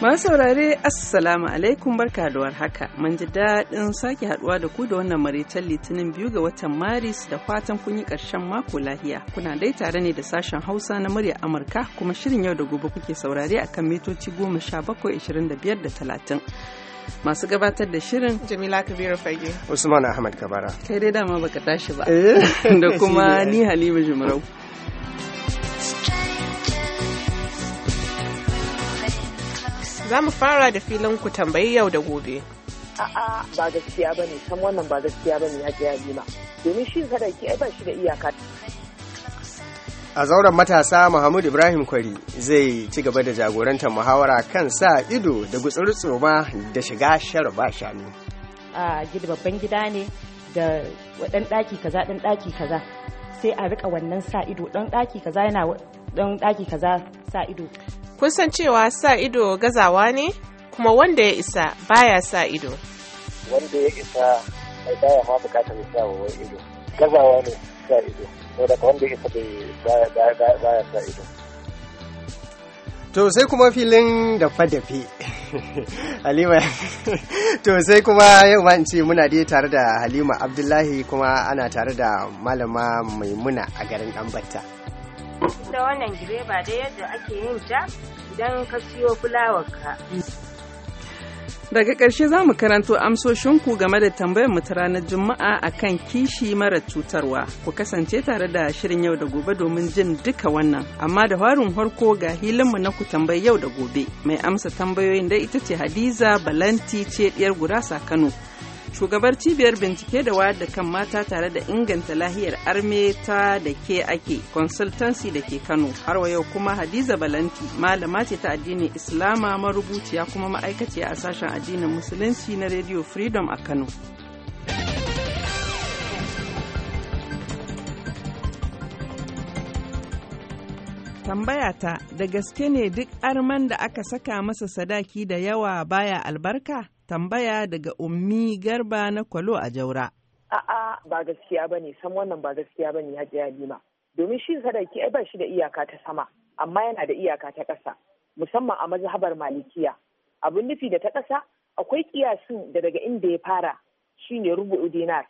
Masu saurare Assalamu alaikum barka da warhaka. Mun ji daɗin sake haduwa da ku da wannan maritan litinin biyu ga watan Maris da fatan kun yi ƙarshen mako lahiya. Kuna dai tare ne da sashen Hausa na murya Amurka kuma shirin yau da gobe kuke saurare akan mitoci goma sha bakwai ishirin da biyar Masu gabatar da shirin Jamila Kabiru Fage. Usman Ahmad Kabara. Kai dai dama baka tashi ba. Eh. da kuma ni Halima Jumarau. Za mu fara da filin ku tambayi yau da gobe. A'a ba gaskiya ba ne, san wannan ba gaskiya ba ne ya ji Halima. Domin shi ki, ai ba shi da iyaka. A zauren matasa Muhammad Ibrahim Kwari zai ci gaba da jagorantar muhawara kan sa ido da gutsuru ma da shiga shara ba shanu. A gida babban gida ne da waɗan ɗaki kaza ɗan ɗaki kaza sai a rika wannan sa ido ɗan ɗaki kaza yana ɗan ɗaki kaza sa ido kun san cewa sa ido gazawa ne kuma wanda ya isa baya sa ido wanda ya isa mai baya ma bukatar sa wa ido gazawa ne sa ido da wanda ya isa bai baya sa ido to sai kuma filin da fadafi halima to sai kuma yau ma in ce muna dai tare da halima abdullahi kuma ana tare da malama maimuna a garin ɗanbatta ita wannan direba da yadda ake yin ta idan ka siyo fulawar ka daga ƙarshe za mu karanto amsoshinku game da tambayar mu ta ranar juma'a a kan kishi mara cutarwa ku kasance tare da shirin yau da gobe domin jin duka wannan amma da warin harko ga hilinmu na ku tambayi yau da gobe mai amsa tambayoyin da ita ce hadiza balanti ce diyar gurasa kano shugabar cibiyar bincike da wayar da kan mata tare da inganta lahiyar armeta da ke ake consultancy da ke kano har wa yau kuma hadiza balanti malama ce ta addinin islama marubuciya kuma ma'aikaciya a sashen addinin musulunci na radio freedom a kano tambaya ta da gaske ne duk arman da aka saka masa sadaki da yawa baya albarka Tambaya daga Ummi Garba na Kwalo a Jaura. A'a ba gaskiya ba ne, san wannan ba gaskiya ba ne Hajiya Halima. Domin shi sadaki ai ba shi da iyaka ta sama, amma yana da iyaka ta ƙasa, musamman a mazhabar Malikiya. Abin nufi da ta ƙasa akwai kiyasin da daga inda ya fara shine rubu'u dinar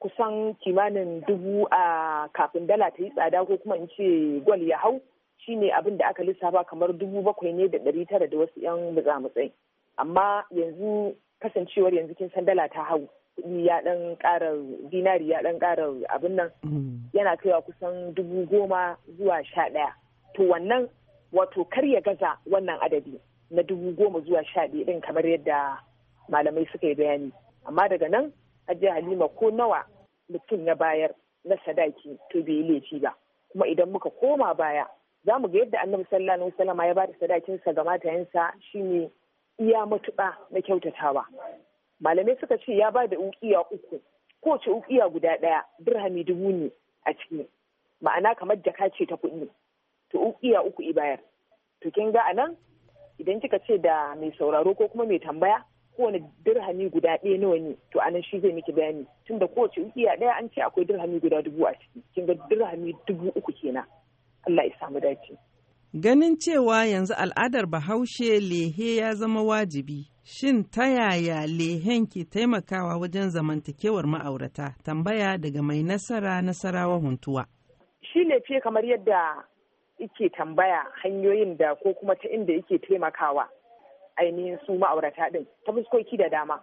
kusan kimanin dubu a kafin dala ta yi tsada ko kuma in ce gwal ya hau shine abin da aka lissafa kamar dubu bakwai ne da ɗari tara da wasu yan mutsa-mutsai. amma yanzu kasancewar yanzu kin san dala ta hau kuɗi ya ɗan ƙara dinari ya ɗan ƙara abin nan mm. yana kaiwa kusan dubu goma zuwa sha ɗaya to wannan wato kar ya gaza wannan adadi na dubu goma zuwa sha ɗaya ɗin kamar yadda malamai suka yi bayani amma daga nan ajiye halima ko nawa mutum ya bayar na sadaki to bai yi laifi ba kuma idan muka koma baya za mu ga yadda annabi sallallahu alaihi wasallam ya ba da sadakinsa ga matayensa shine iya matuƙa na kyautatawa malamai suka ce ya ba da ukiya uku kowace uƙiya guda ɗaya birhami dubu ne a ciki ma'ana kamar jaka ce ta kuɗi to ukiya uku i bayar to kin ga anan idan kika ce da mai sauraro ko kuma mai tambaya kowane dirhami guda ɗaya nawa ne to anan shi zai miki bayani tun da kowace ukiya ɗaya an ce akwai dirhami guda dubu a ciki kin ga dirhami dubu uku kenan Allah ya samu dace. Ganin cewa yanzu al'adar Bahaushe lehe ya zama wajibi, shin ta yaya lehen ke taimakawa wajen zamantakewar ma'aurata? Tambaya daga mai nasara nasarawa huntuwa. Shi lefe kamar yadda ike tambaya hanyoyin da ko kuma ta inda yake taimakawa ainihin su ma'aurata ɗin ta fuskoki da dama.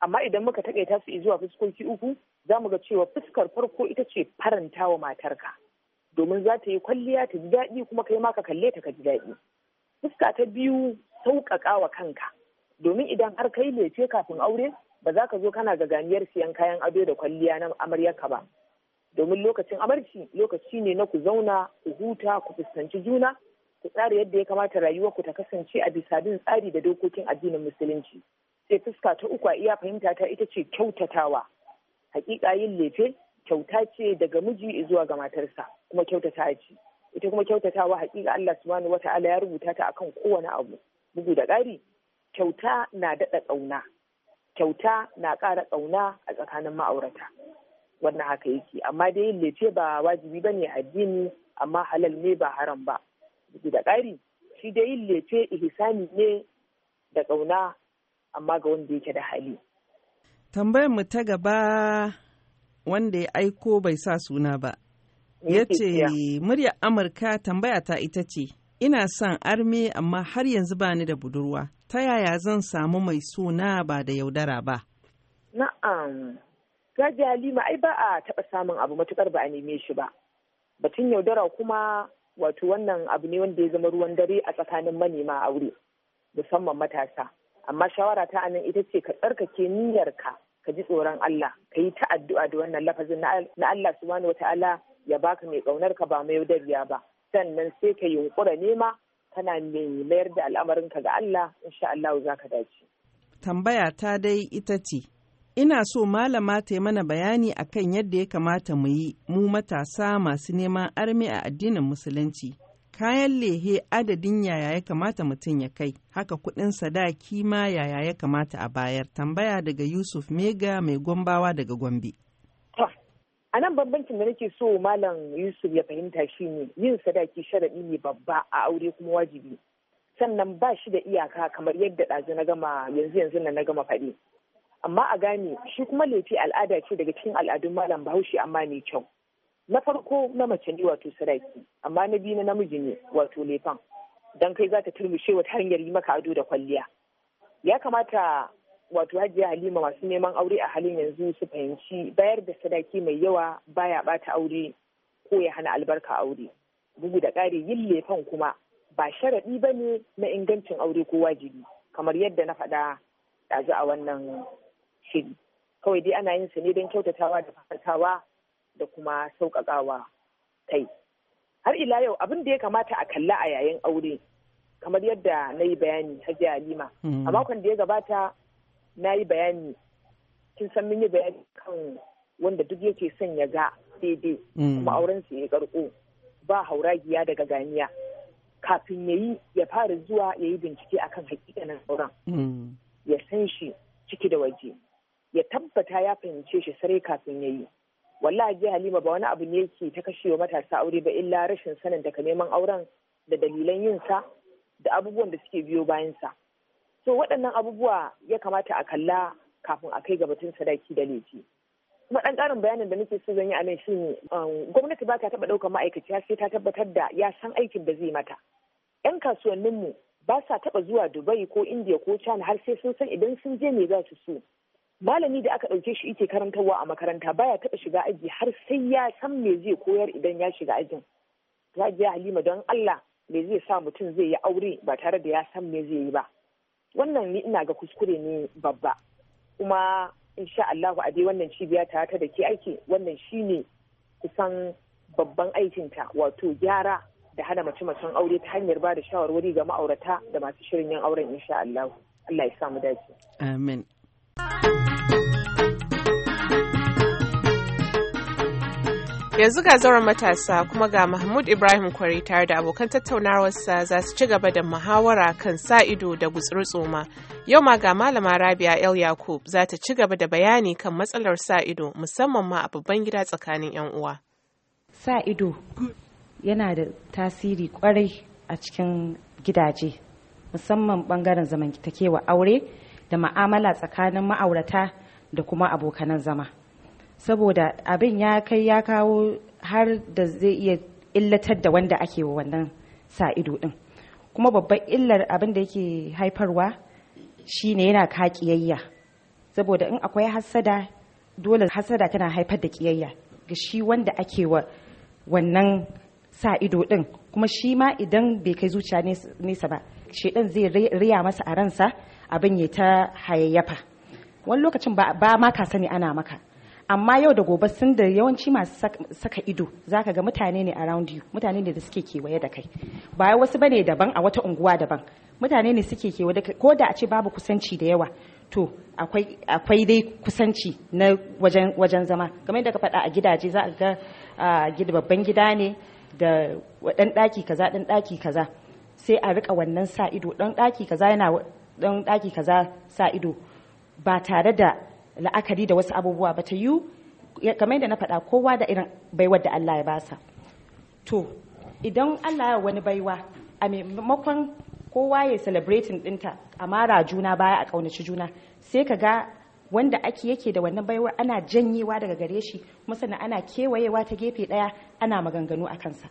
Amma idan muka taƙaita su zuwa fuskoki uku, za mu ga cewa fuskar farko ita ce faranta wa matarka. domin za ta yi kwalliya ta ji daɗi kuma kai ma ka kalle ta ka ji daɗi fuska ta biyu sauƙaƙa wa kanka domin idan har kai lece kafin aure ba za ka zo kana ga ganiyar siyan kayan ado da kwalliya na amaryarka ba domin lokacin amarci lokaci ne na ku zauna ku huta ku fuskanci juna ku tsara yadda ya kamata ku ta kasance a bisa bin tsari da dokokin addinin musulunci sai fuska ta uku a iya fahimta ta ita ce kyautatawa hakika yin lefe kyauta ce daga miji zuwa ga matarsa kuma kyautata ce ita kuma kyautatawa hakika Allah subhanahu wata'ala ya rubuta ta akan kowane abu bugu da ƙari kyauta na daɗa ƙauna kyauta na ƙara ƙauna a tsakanin ma'aurata wannan haka yake amma dai yin lece ba wajibi ba ne addini amma halal ne ba haram ba bugu da ƙari shi dai yin lece ihsani ne da ƙauna amma ga wanda yake da hali tambayar mu ta gaba wanda ya aiko bai sa suna ba. Ya ce, murya Amurka tambaya ta ita ce, ina son arme amma har yanzu ba ni da budurwa, ta yaya zan samu mai suna ba da yaudara ba? Na'am, gaji Halima ai ba a taɓa samun abu matuƙar ba a neme shi ba. Batun yaudara kuma wato wannan abu ne wanda ya zama ruwan dare a tsakanin manema aure, musamman matasa. Amma shawara ta anan ita ce ka tsarkake niyyarka ka ji tsoron Allah ka yi ta addu'a da wannan lafazin na Allah subhanahu wata'ala ya baka mai kaunar ka ba mai yaudariya ba sannan sai ka yi yunkura nema kana mai mayar da al'amarin ka ga Allah insha Allah za ka dace tambaya ta dai ita ce ina so malama ta yi mana bayani akan yadda ya kamata mu yi mu matasa masu neman armi a addinin musulunci kayan lehe adadin yaya ya kamata mutum ya kai haka kuɗin sadaki ma yaya ya kamata a bayar tambaya daga yusuf mega mai gombawa daga gombe a nan bambancin da nake so malam yusuf ya fahimta shi ne yin sadaki sharaɗi ne babba a aure kuma wajibi sannan ba shi da iyaka kamar yadda ɗazu na gama yanzu yanzu na gama faɗi amma a gane shi kuma lefe al'ada ce daga cikin al'adun malam bahaushe amma mai kyau na farko na mace ne wato sadaki amma na biyu na namiji ne wato lefan Don kai za ta turmushe wata hanyar yi maka ado da kwalliya ya kamata wato hajiya halima masu neman aure a halin yanzu su fahimci bayar da sadaki mai yawa baya bata aure ko ya hana albarka aure bugu da ƙari yin lefan kuma ba sharaɗi ba ne na ingancin aure ko wajibi kamar yadda na faɗa ɗazu a wannan shiri kawai dai ana yin sa ne don kyautatawa da fafatawa. da kuma sauƙaƙawa kai har ila yau abin da ya kamata a kalla a yayin aure kamar yadda na yi bayani hajiya halima hmm. a makon da ya gabata na yi bayani kin san mun yi bayani kan wanda duk yake son ya ga daidai hmm. kuma auren sa ya karko ba hauragiya daga ganiya kafin ya yi ya fara zuwa ya yi bincike akan hakikanin auren hmm. ya san shi ciki da waje ya tabbata ya fahimce shi sarai kafin ya yi wallahi ji halima ba wani abu ne yake ta wa matasa aure ba illa rashin sanin daga neman auren da dalilan yin sa da abubuwan da suke biyo bayan sa so waɗannan abubuwa ya kamata a kalla kafin a kai gabatun sadaki da laifi kuma ɗan ƙarin bayanin da nake so zan yi a nan shine um, gwamnati ba ta taɓa ɗaukar ma'aikaciya sai ta tabbatar da ya san aikin da zai mata 'yan kasuwanninmu ba sa taɓa zuwa dubai ko india ko china har sai sun san idan sun je me za su so malami da aka ɗauke shi yake karantarwa a makaranta baya taɓa shiga aji har sai ya san me zai koyar idan ya shiga ajin ya halima don allah me zai sa mutum zai yi aure ba tare da ya san me zai yi ba wannan ni ina ga kuskure ne babba kuma insha allahu a dai wannan cibiya ta ta da ke aiki wannan shine kusan babban aikinta wato gyara da hana mace macen aure ta hanyar ba da shawarwari ga ma'aurata da masu shirin yin auren insha Allah. Allah ya samu dace. Amin. Yanzu ga zauren matasa kuma ga Mahmud Ibrahim Kwari tare da abokan tattaunawarsa za su ci gaba da muhawara kan sa ido da gutsuru tsoma. Yau ma ga Malama Rabia El Yakub za ta ci gaba da bayani kan matsalar sa ido musamman ma a babban gida tsakanin 'yan uwa. Sa ido yana da tasiri kwarai a cikin gidaje musamman bangaren zamantakewa aure da ma'amala tsakanin ma'aurata da kuma abokanan zama. saboda abin ya kai ya kawo har da zai iya illatar da wanda ake wa wannan sa ido din kuma babban illar abin da yake haifarwa shine yana ka kiyayya saboda in akwai hasada dole hasada tana haifar da kiyayya ga shi wanda ake wa wannan sa ido din kuma shi ma idan bai kai zuciya nesa ba shedan zai riya masa a ransa abin ya ta hayayyafa wani lokacin ba ma ka sani ana maka amma yau da gobe sun da yawanci masu saka ido za ka ga mutane ne around you mutane ne da suke kewaye da kai ba wasu bane daban a wata unguwa daban mutane ne suke kewaye da kai ko da a ce babu kusanci da yawa to akwai dai kusanci na wajen zama game da ka faɗa a gidaje za a ga babban gida ne da ɗan ɗaki kaza ɗan ɗaki kaza sai a rika wannan sa ido ɗan ɗaki kaza yana ɗan ɗaki kaza sa ido ba tare da la'akari da wasu abubuwa ba ta yi kamar yadda na faɗa kowa da irin baiwar da Allah ya basa to idan Allah ya wani baiwa a maimakon kowa ya celebrating dinta a mara juna baya a ƙaunaci juna sai ka ga wanda ake yake da wannan baiwar ana janyewa daga gare shi kuma sannan ana kewayewa ta gefe ɗaya ana maganganu a kansa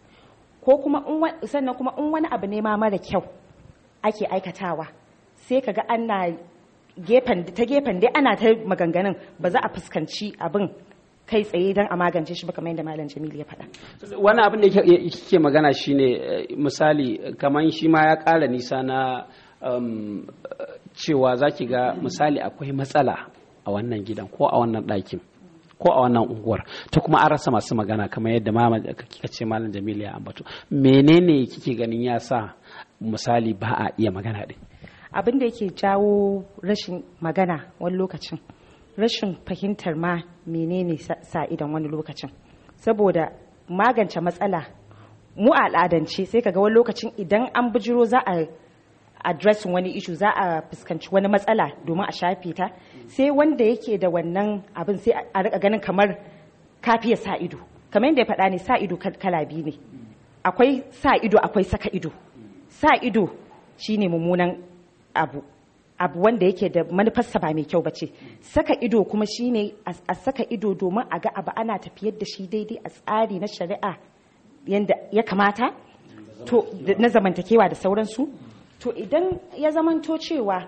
ko kuma sannan kuma in wani abu ne ma mara kyau ake aikatawa sai ka ga ana gefen ta gefen dai ana ta maganganun ba za a fuskanci abin kai tsaye don a magance shi ba kamar yadda malam Jamilu ya faɗa. Wani abin da ke magana shine eh, misali kamar shi ma ya ƙara nisa na um, cewa za ki ga misali akwai matsala a wannan gidan ko a wannan ɗakin ko a wannan unguwar ta kuma an rasa masu magana kamar yadda ka ce malam Jamilu ya ambato menene kike ganin ya sa misali ba a iya magana din abin da yake jawo rashin magana wani lokacin rashin fahimtar ma menene sa idan wani lokacin saboda magance matsala mu al'adance sai ka ga wani lokacin idan an bijiro za a addressin wani ishu za a fuskanci wani matsala domin a shafe ta sai wanda yake da wannan abin sai a rika ganin kamar kafiya sa ido kamar yadda ya faɗa ne sa ido kala biyu ne akwai sa ido akwai saka ido sa ido shine mummunan abu abu wanda yake da manufarsa ba mai kyau ba ce saka ido kuma shine a saka ido domin a ga abu ana tafiyar da shi daidai a tsari na shari'a yadda ya kamata na zamantakewa da sauransu to idan ya zamanto cewa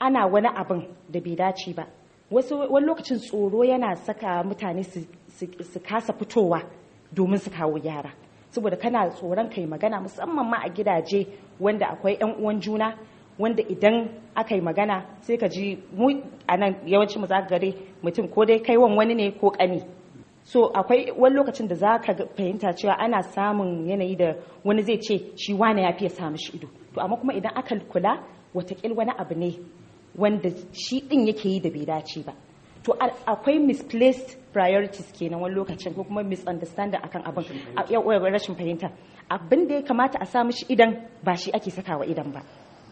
ana wani abin da bai dace ba wasu wani lokacin tsoro yana saka mutane su kasa fitowa domin su kawo gyara saboda kana tsoron kai magana musamman ma a gidaje wanda akwai 'yan uwan juna wanda idan aka yi magana sai ka ji mu a nan yawancin mu za ka gare mutum ko dai kai wani ne ko kani so akwai wani lokacin da za ka fahimta cewa ana samun yanayi da wani zai ce shi wane ya fiye samun shi ido to amma kuma idan aka kula watakil wani abu ne wanda shi din yake yi da bai dace ba to akwai misplaced priorities kenan wani lokacin ko kuma misunderstanding akan abin rashin fahimta abin da ya kamata a sa shi idan ba shi ake sakawa idan ba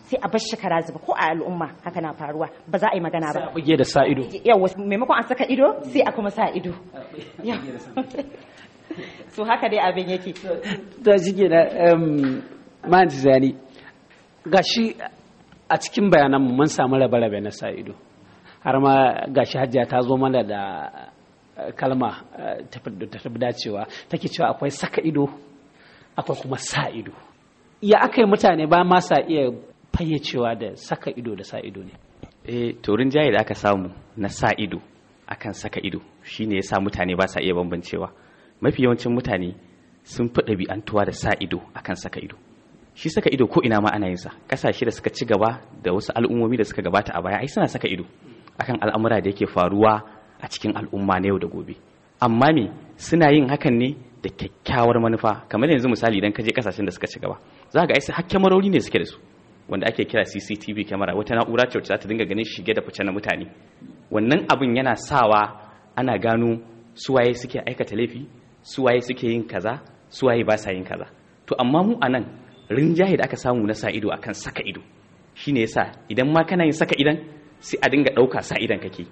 sai a bar shekara zuba ko a al'umma haka na faruwa ba za a yi magana ba sai da sa ido yawa maimakon an saka ido sai a kuma sa ido so haka dai abin yake shi ke na man zani gashi a cikin bayanan mu mun samu rabe-rabe na sa ido har ma gashi hajjiya ta zo mana da eh, kalma eh, ta fi dacewa take cewa akwai saka ido akwai kuma sa ido ya aka yi mutane ba ma sa iya fayyacewa da saka ido da sa ido ne eh turin jayi da aka samu na sa ido akan saka ido shi ne ya sa mutane ba sa iya bambancewa mafi yawancin mutane sun fi ɗabi'antuwa da sa ido akan saka ido shi saka ido ko ina ma ana yinsa. Ƙasashe da suka ci gaba da wasu al'ummomi da suka gabata a baya ai suna saka ido akan al'amura da yake faruwa a cikin al'umma na yau da gobe amma me suna yin hakan ne da kyakkyawar manufa kamar yanzu misali idan ka je ƙasashen da suka ci gaba za ga ai hakke marori ne suke da su wanda ake kira CCTV camera wata na'ura ce wacce za ta dinga ganin shige da fice na mutane wannan abin yana sawa ana gano suwaye suke aikata laifi suwaye suke yin kaza suwaye ba sa yin kaza to amma mu anan rinjaye da aka samu na sa ido akan saka ido shine yasa idan ma kana yin saka idan sai a dinga ɗauka sa idan kake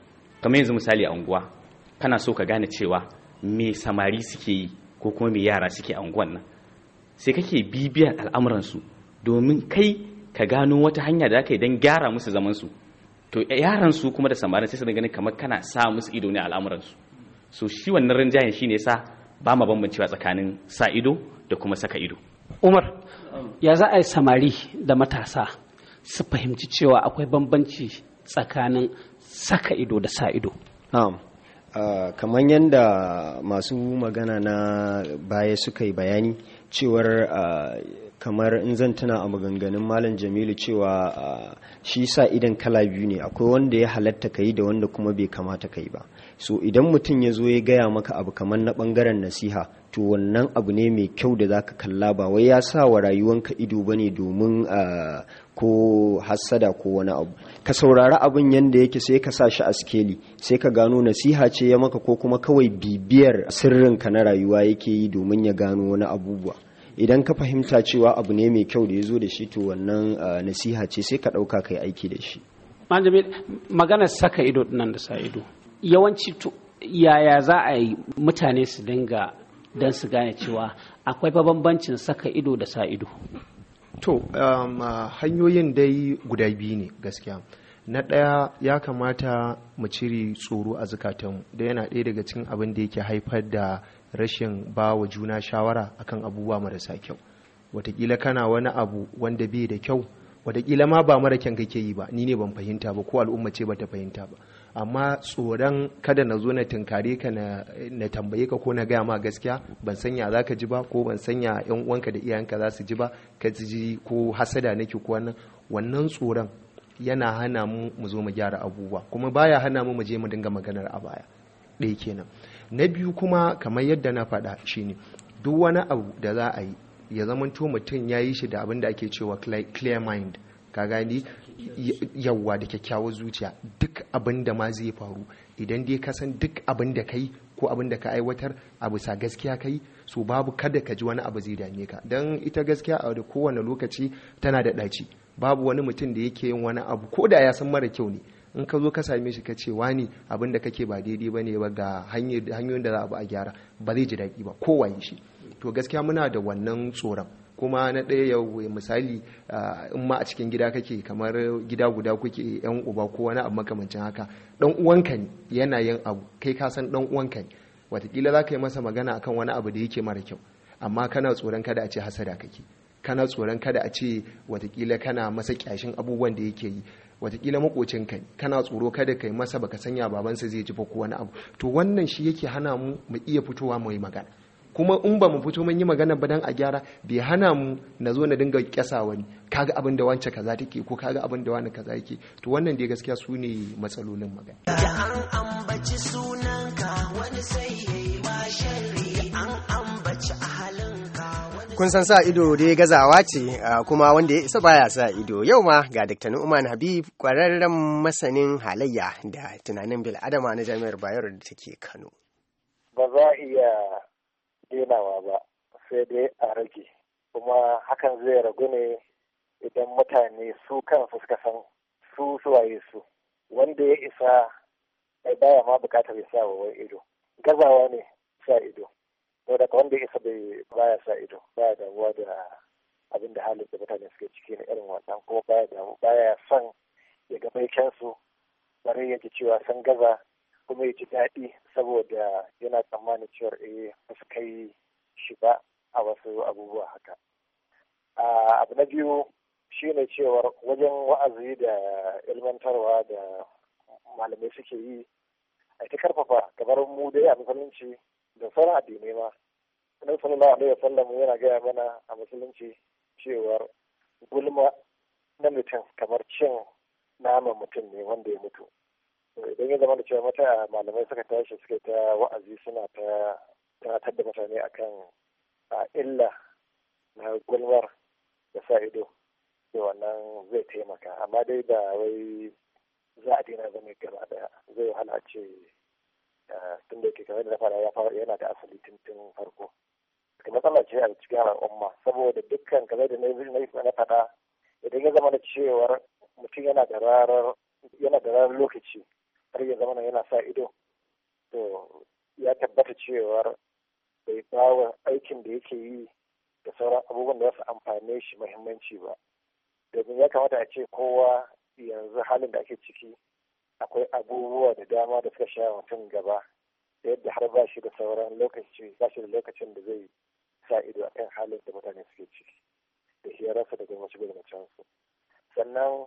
kamar yanzu misali a unguwa kana so ka gane cewa me samari suke yi ko kuma me yara suke a unguwan nan sai kake bibiyar al'amuransu domin kai ka gano wata hanya da aka yi don gyara musu zaman su to yaran su kuma da samarin sai su ganin kamar kana sa musu ido ne al'amuran su so shi wannan rinjayen shine sa ba ma bambancewa tsakanin sa ido da kuma saka ido Umar ya za a yi samari da matasa su fahimci cewa akwai bambanci tsakanin saka ido da sa ido ah, kamar yadda masu magana na baya suka yi bayani cewar uh, kamar in zan tuna a maganganun malam jamilu cewa shi sa idan kala biyu ne akwai wanda ya halatta ka yi da wanda kuma bai kamata ka yi ba so idan mutum ya zo ya gaya maka abu kamar na bangaren nasiha to wannan abu ne mai kyau da zaka kalla ba wai ya sa wa rayuwanka ido ba ne domin ko hassada ko wani abu ka saurari abin yadda yake sai ka sa shi a skeli sai ka gano nasiha ce ya maka ko kuma kawai bibiyar sirrinka na rayuwa yake yi domin ya gano wani abubuwa idan ka fahimta cewa abu ne mai kyau da ya zo da shi to wannan nasiha ce sai ka ɗauka ka yi aiki da shi Manjami, magana saka ido nan da sa ido yawanci yaya za a yi mutane su dinga don su gane cewa akwai bambancin saka ido da sa ido to um, hanyoyin dai guda biyu ne gaskiya na ɗaya ya kamata mu cire tsoro a zukatanmu da yana ɗaya daga cikin abin da yake haifar da rashin ba wa juna shawara akan abubuwa marasa kyau watakila kana wani abu wanda bai da kyau watakila ma ba mara kyan kake yi ba ni ne ban fahimta ba ko al'umma ce bata fahimta ba amma tsoron kada na zo na tunkare ka na tambaye ka ko na gaya ma gaskiya ban sanya za ka ji ba ko ban sanya yan uwanka da iyayenka za su ji ba ka ji ko hasada nake ko wannan wannan tsoron yana hana mu mu zo mu gyara abubuwa kuma baya hana mu mu je mu dinga maganar a baya ɗaya kenan na biyu kuma kamar yadda na faɗa shine duk wani abu da za a yi ya zamanto mutum ya yi shi da abin da ake cewa clear mind ka gani yawwa da kyakkyawar zuciya duk abin da ma zai faru idan dai ka san duk abin da kai ko abin da ka aiwatar a bisa gaskiya kai so babu kada ka ji wani abu zai dame ka don ita gaskiya a kowane lokaci tana da ɗaci babu wani mutum da yake yin wani abu ko da ya san mara kyau ne in ka zo ka same shi ka ce wani abin da kake ba daidai ba ne ba ga hanyoyin da za a bu a gyara ba zai ji daɗi ba kowaye shi to gaskiya muna da wannan tsoron kuma na ɗaya yau misali in ma a cikin gida kake kamar gida guda kuke yan uba ko wani abu makamancin haka ɗan uwanka ne yana yin abu kai ka san ɗan uwanka ne watakila za ka yi masa magana akan wani abu da yake mara kyau amma kana tsoron kada a ce hasada kake kana tsoron kada a ce watakila kana masa kyashin abubuwan da yake yi watakila makocinka kana tsoro kada kai masa baka sanya babansa zai ji ko wani abu to wannan shi yake hana mu mu iya fitowa mu yi magana kuma in ba mu fito mun yi magana ba dan a gyara bai hana mu na zo na dinga kyasa wani kaga abin da wance kaza take ko kaga abin da wani kaza yake to wannan dai gaskiya su ne matsalolin magana kun san sa ido dai gazawa ce kuma wanda ya isa baya sa ido yau ma ga daktarin nu'man Habib kwararren masanin halayya da tunanin bil'adama na jami'ar Bayero da take Kano. Ba za a iya denawa ba sai dai a rage kuma hakan zai ragu ne idan mutane su kan suka san su suwaye su wanda ya isa baya ma bukatar ya sa wa ido gazawa ne sa ido to daga wanda ya bai baya sa ido baya damuwa da abin da halin da mutane suke ciki na irin wannan kuma baya damu baya son ya ga su bare ya ji cewa san gaza kuma ya ji daɗi saboda yana tsammanin cewa eh ba su kai shi ba a wasu abubuwa haka abu na biyu shi ne cewar wajen wa'azi da ilmantarwa da malamai suke yi a ita karfafa gabar mu dai a musulunci da a addinai ma annabi sallallahu alaihi wasallam yana gaya mana a musulunci cewar gulma na mutum kamar cin nama mutum ne wanda ya mutu idan ya zama da cewa mata malamai suka tashi suka ta wa'azi suna ta tunatar da mutane akan a illa na gulmar da sa ido da wannan zai taimaka amma dai da wai za a daina zama gaba daya zai wahala ce Eh, tun da yake kamar da fara ya fara yana da asali tun tun farko matsala ce a cikin al'umma saboda dukkan kamar da na yi na faɗa idan ya zama da cewar mutum yana da rarar ranar lokaci har ya zama yana sa ido to ya tabbata cewar bai bawa aikin da yake yi da sauran abubuwan da za su amfane shi muhimmanci ba domin ya kamata a ce kowa yanzu halin da ake ciki akwai abubuwa da dama da suka sha mutum gaba da yadda har ba shi da sauran lokaci ba shi da lokacin da zai sa ido a kan halin da mutane suke ciki da hirarsa da gwamnati cansu. sannan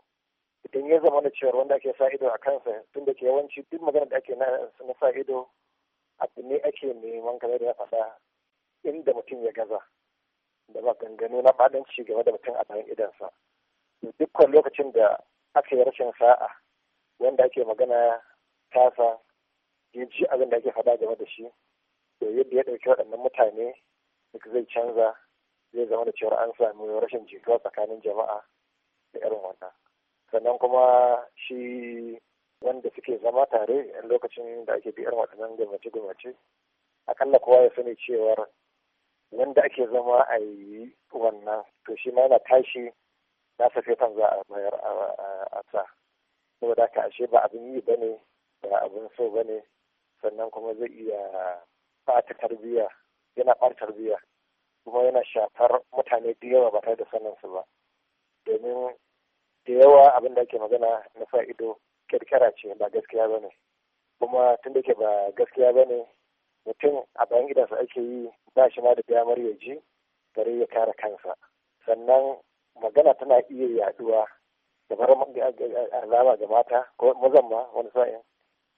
idan ya zama da cewar wanda ake sa ido a kansa tun da ke yawanci duk magana da ake na sa ido abu ne ake neman kamar da ya faɗa inda mutum ya gaza da maganganu na ci game da mutum a bayan idansa dukkan lokacin da aka yi rashin sa'a wanda ake magana tasa ya ji abin da ake faɗa game da shi da yadda ya ɗauki waɗannan mutane da zai canza zai zama da cewar an sami rashin jituwa tsakanin jama'a da irin wannan sannan kuma shi wanda suke zama tare lokacin da ake bi irin waɗannan gwamnati-gwamnati akalla kowa ya sani cewar wanda ake zama a yi wannan to shi ma yana tashi na safetan za a bayar a sa saboda ka ashe ba abin yi ba ne ba abin so ba sannan kuma zai iya ɓata tarbiya yana ɓata tarbiyya kuma yana shafar mutane da yawa ba tare da sanin su ba domin da yawa abin da ake magana na sa ido kirkira ce ba gaskiya ba ne kuma tun da ke ba gaskiya ba ne mutum a bayan gidansa ake yi ba shi ma da damar ya ji gare ya kare kansa sannan magana tana iya yaduwa da faraman da alama ga mata ko mazan ma wani sa'in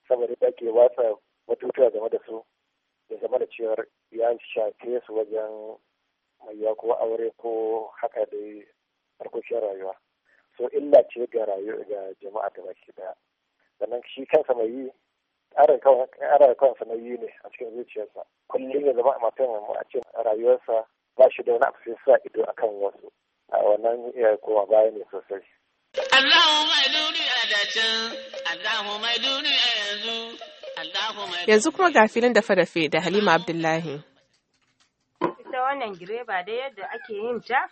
saboda da ake ba game da su da zama da cewar ya shafe su wajen mai ko aure ko haka dai harkokin rayuwa so illa ce ga rayuwa ga jama'a da baki daya sannan shi kansa mai yi ƙarar kansa mai yi ne a cikin zuciyarsa kullum ya zama a matan a cikin rayuwarsa ba shi da wani abu sai sa ido akan wasu a wannan iya koma baya ne sosai Yanzu kuma ga filin dafe dafe da Halima Abdullahi. Ita wannan gireba da yadda ake yin ta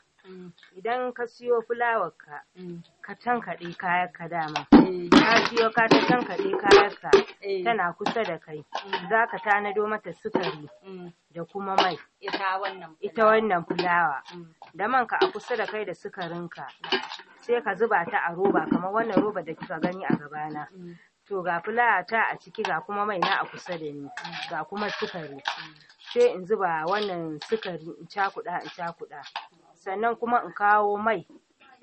idan ka siyo fulawar ka mm. ka tankaɗe kayan ka dama eh. ka siyo ka ta tankaɗe kayan eh. tana kusa da kai mm. za ka tanado mata sukari mm. da kuma mai ita wannan fulawa da man ka a kusa da kai da sukarinka, ka sai ka zuba ta a roba kamar wannan roba da kika gani a gabana to ga fulawa ta a ciki ga kuma mai na a kusa da ni ga kuma sukari sai in zuba wannan sukari in cakuɗa in cakuɗa sannan kuma in kawo mai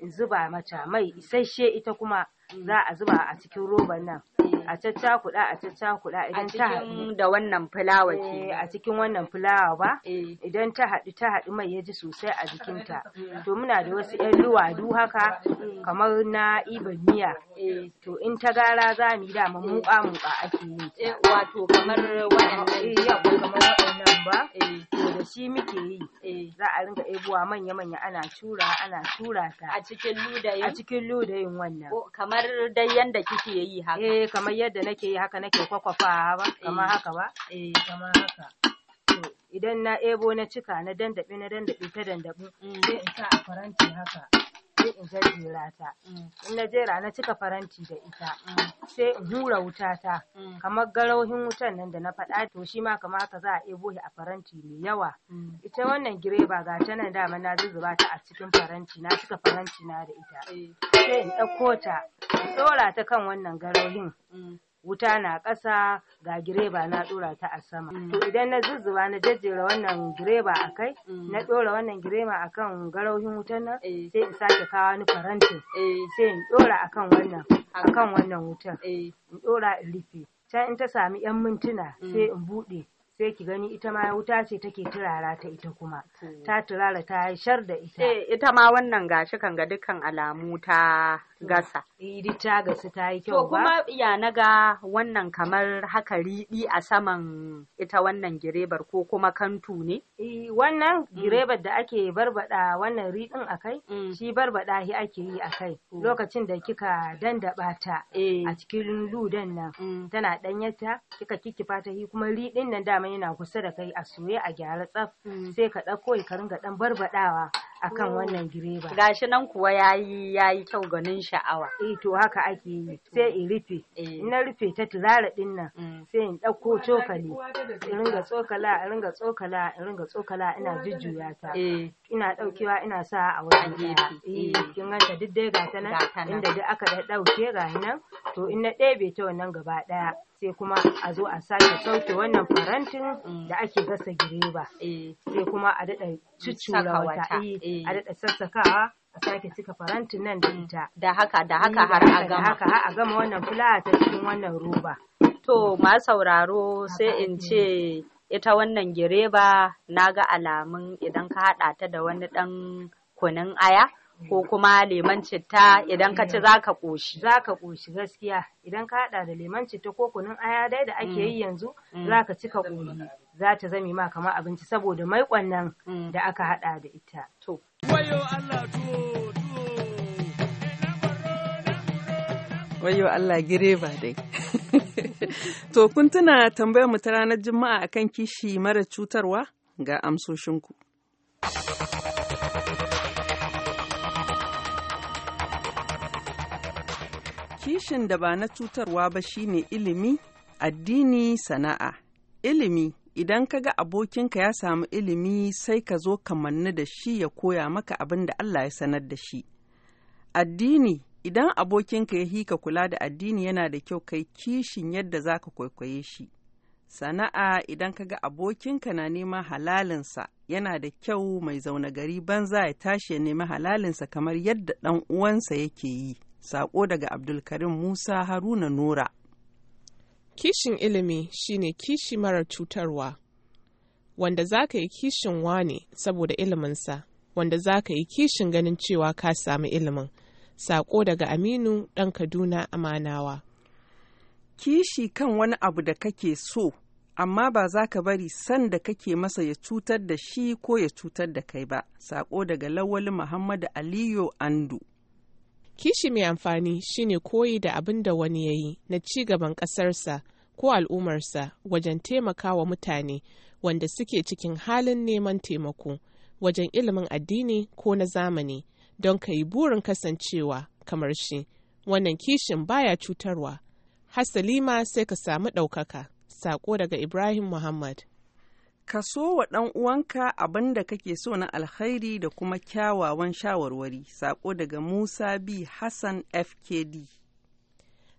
in zuba mata mai isasshe ita kuma za a zuba a cikin roban nan a caccakuɗa a caccakuɗa idan ta haɗu da wannan fulawa eh, ke a cikin wannan fulawa ba eh. idan ta haɗu ta haɗu mai yaji sosai a jikinta eh. to muna da wasu yan luwadu haka kamar na ibon miya to in ta gara za mu yi dama muƙa muƙa ake yi wato kamar waɗannan kamar ba to da shi muke yi za a ringa ɗebowa manya manya ana tura ana cura ta a cikin ludayin a cikin ludayin wannan kamar dai yanda kike yi haka eh kamar yadda nake yi haka nake kwakwafawa ba kamar eh. haka ba eh kamar haka idan na ebo na cika na dandabe na dandabe ta dandabe eh, sai in sa a faranti haka sai in jajjera ta in na jera na cika faranti da ita sai in hura wuta ta kamar garauhin wutan nan da na faɗa to shi ma kamar haka za a ebo shi a faranti mai yawa ita wannan gireba ga ta nan dama na zuzzuba ta a cikin faranti na cika faranti na da ita sai in ɗauko ta in ɗora ta kan wannan garauhin wuta na ƙasa ga gireba na ɗora ta a sama. Mm. To idan na zuzzuba na jajjera wannan gireba a kai, mm. na ɗora wannan gireba a kan garauhin wutan nan, eh. sai in sake kawo ni farantin, eh. sai in ɗora a kan wannan, a wannan wutan, eh. in ɗora in rufe. Can in ta sami 'yan mintuna mm. sai in buɗe. sai ki gani ita ma wuta ce take turara ta ita kuma ta turara ta shar da ita ita ma wannan gashi kan ga dukkan alamu ta gasa. Idi eh, ta gasu ta yi kyau ba. kuma ya naga wannan kamar haka riɗi a saman ita wannan girebar ko kuma kantu ne? Eh, wannan mm. girebar da ake barbada wannan riɗin a kai, mm. shi barbada shi ake yi a kai. Mm. Lokacin da kika dandaba ta eh. a cikin ludan nan tana ɗanyata kika kikifa ta hi, kuma riɗin nan dama yana kusa da kai a soye a gyara tsaf sai ka ɗauko ka ringa ɗan barbadawa. kan oh. wannan direba gashi nan kuwa ya yi kyau ganin sha'awa eh to haka ake yi sai in rufe In eh. na rufe ta turara din nan mm. sai in ɗauko cokali in ringa tsokala in ringa tsokala in ringa tsokala ina jujjuya ta eh. ina ɗaukewa ina sa a wajen gefe eh, kin ganta duk dai ga ta nan inda duk aka ɗauke ga nan to in na ɗebe ta wannan gaba ɗaya sai kuma a zo a sake sauke wannan farantin mm. da ake gasa gireba eh. sai kuma a daɗa cucura wata eh, eh. a daɗa sassakawa a sake cika farantin nan da mm. ita da haka da haka har a gama haka har a gama wannan fulawa ta cikin wannan roba to ma sauraro sai in ce ita wannan gireba na ga alamun idan ka haɗa ta da wani ɗan kunun aya Mm. ko kuma leman citta idan ka ci mm. zaka koshi zaka koshi gaskiya idan ka hada da leman citta ko kunun aya dai da ake mm. yi yanzu zaka cika koyi za ta zame ma kamar abinci saboda maiƙon nan da aka hada da ita to wayo Allah tuwo wayo Allah gireba dai. to kun tuna tambayar mu ta ranar Juma'a akan kishi mara cutarwa ga amsoshinku. Kishin da ba na cutarwa ba shine ilimi, addini, sana'a. Ilimi, idan ka ga abokinka ya samu ilimi sai ka zo ka manna da shi ya koya maka abin da Allah ya sanar da shi. Addini, idan abokinka ya hika kula da addini yana da kyau kai kishin yadda za ka kwaikwaye shi. Sana'a idan ka ga abokinka na neman halalinsa yana da kyau mai zaune gari banza ya tashi ya nemi halalinsa kamar yadda ɗan uwansa yake yi. Sako daga Abdulkarim Musa Haruna Nura. Kishin ilimi shine kishi marar cutarwa, wanda za ka yi kishin wane saboda iliminsa, wanda za ka yi kishin ganin cewa ka sami ilimin. Sako daga Aminu ɗan Kaduna Amanawa. Kishi kan wani abu da kake so, amma ba za ka bari sanda kake masa ya cutar da shi ko ya cutar da kai ba. Sako daga Lawali Muhammadu Aliyu Andu. Kishi mai amfani shine koyi da abin da wani ya yi na cigaban gaban ƙasarsa ko al'ummarsa wajen taimakawa mutane wanda suke cikin halin neman taimako wajen ilimin addini ko na zamani don ka yi burin kasancewa kamar shi. Wannan kishin baya cutarwa. Hasali ma sai ka samu ɗaukaka. Sako daga Ibrahim Muhammad. ka so wa ɗan uwanka abin da kake so na alkhairi da kuma kyawawan shawarwari sako daga musa b hassan fkd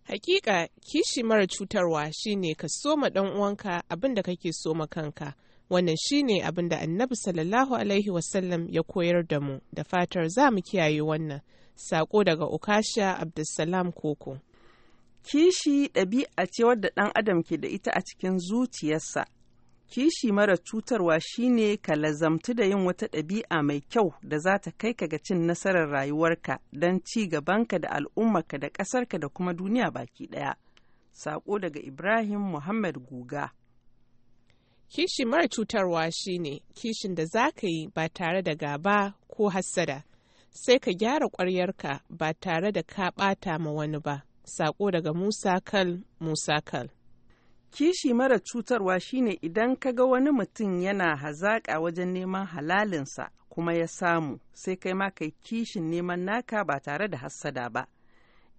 hakika kishi mara cutarwa shine ka ma ɗan uwanka abin da kake so ma kanka wannan shine abin da annabi sallallahu alaihi wasallam ya koyar da mu da fatar za mu kiyaye wannan sako daga ukasha abdulsalam koko kishi ɗabi'a ce wadda ɗan adam ke da ita a cikin zuciyarsa Kishi mara cutarwa shine ka lazamtu da yin wata ɗabi'a mai kyau da za ta kai ka ga cin nasarar rayuwarka don ci gabanka da al'ummarka da ƙasarka da kuma duniya baki ɗaya. saƙo daga Ibrahim Muhammad Guga. Kishi mara cutarwa shine kishin da za ka yi ba tare da gaba ko hassada, sai ka gyara ƙwaryarka ba tare da ka ɓata ma wani ba. saƙo daga Musa Kal Musa Kal. Kishi mara cutarwa shine idan ka ga wani mutum yana hazaƙa wajen neman halalinsa kuma ya samu sai kai ma kai kishin neman naka ba tare da hassada ba.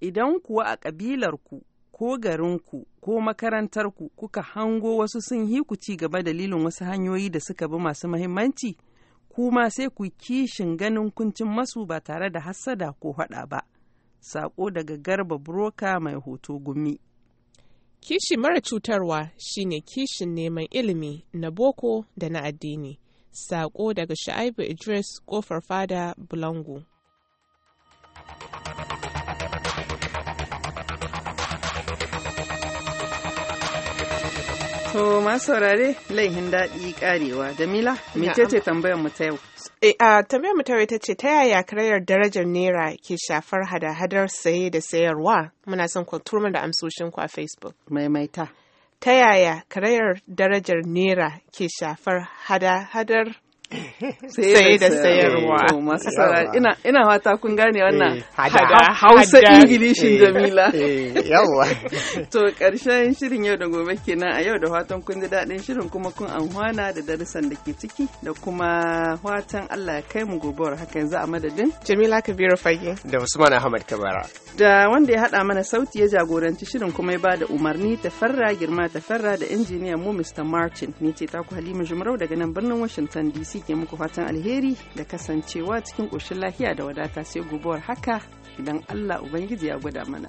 Idan kuwa a ƙabilarku ko garinku ko makarantarku kuka hango wasu sun yi ku ci gaba dalilin wasu hanyoyi da suka bi masu mahimmanci, kuma sai ku kishin ganin kuncin masu ba tare da hassada ko haɗa ba. Sako daga Garba Broka mai hoto gumi. Kishi mara cutarwa shine kishin neman ilimi na boko da na addini. saƙo daga Sha'ibu Idris ƙofar Fada Bulangu. To masu saurare laihin daɗi karewa. Jamila, mecece tambayar mu ta yau? E, a tambayar mu ta yau ita ce ta yaya karayar darajar naira ke shafar hada-hadar saye da sayarwa? Muna son ku da amsoshin ku a Facebook. Maimaita. Ta yaya karayar darajar naira ke shafar hada-hadar sai da sayarwa masu saurari ina ina wata kun gane wannan eh, hausa ingilishin eh, jamila eh, yawa to karshen shirin yau da gobe kenan a yau da watan kun ji daɗin shirin kuma kun hwana da darussan da ke ciki da kuma watan Allah ya kai mu gobewar haka yanzu a madadin jamila kabiru fage da usman ahmad kabara da wanda ya haɗa mana sauti ya jagoranci shirin kuma ya bada umarni ta farra girma ta farra da injiniyan mu mr martin ni ce taku halima Jumarau daga nan birnin washington dc Farisi ke muku fatan alheri da kasancewa cikin ƙoshin lafiya da wadata sai gobuwar haka idan Allah Ubangiji ya gwada mana.